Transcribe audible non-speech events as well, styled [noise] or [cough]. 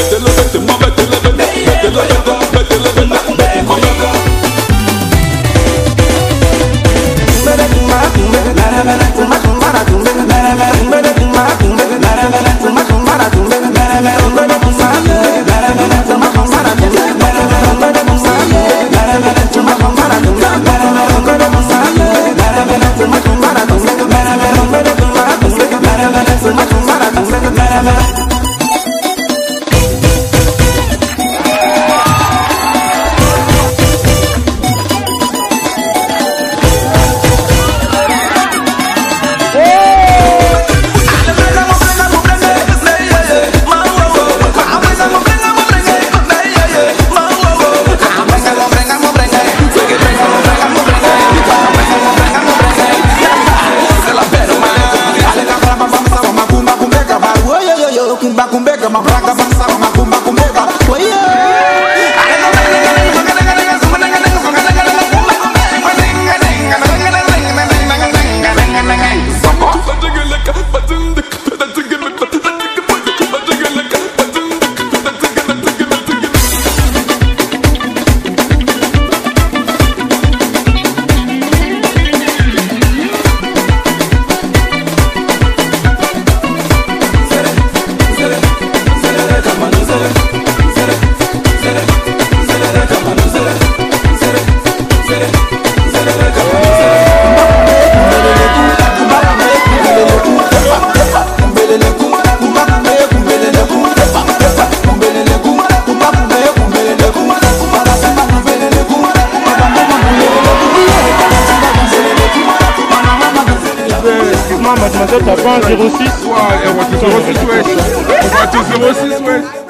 Mételo, vete, móvetelo, vete, mételo, vete. Braga, Barça, mademoiselle, t'as pas un 06 Ouais, on va 06 ouais. 06 ouais. [laughs]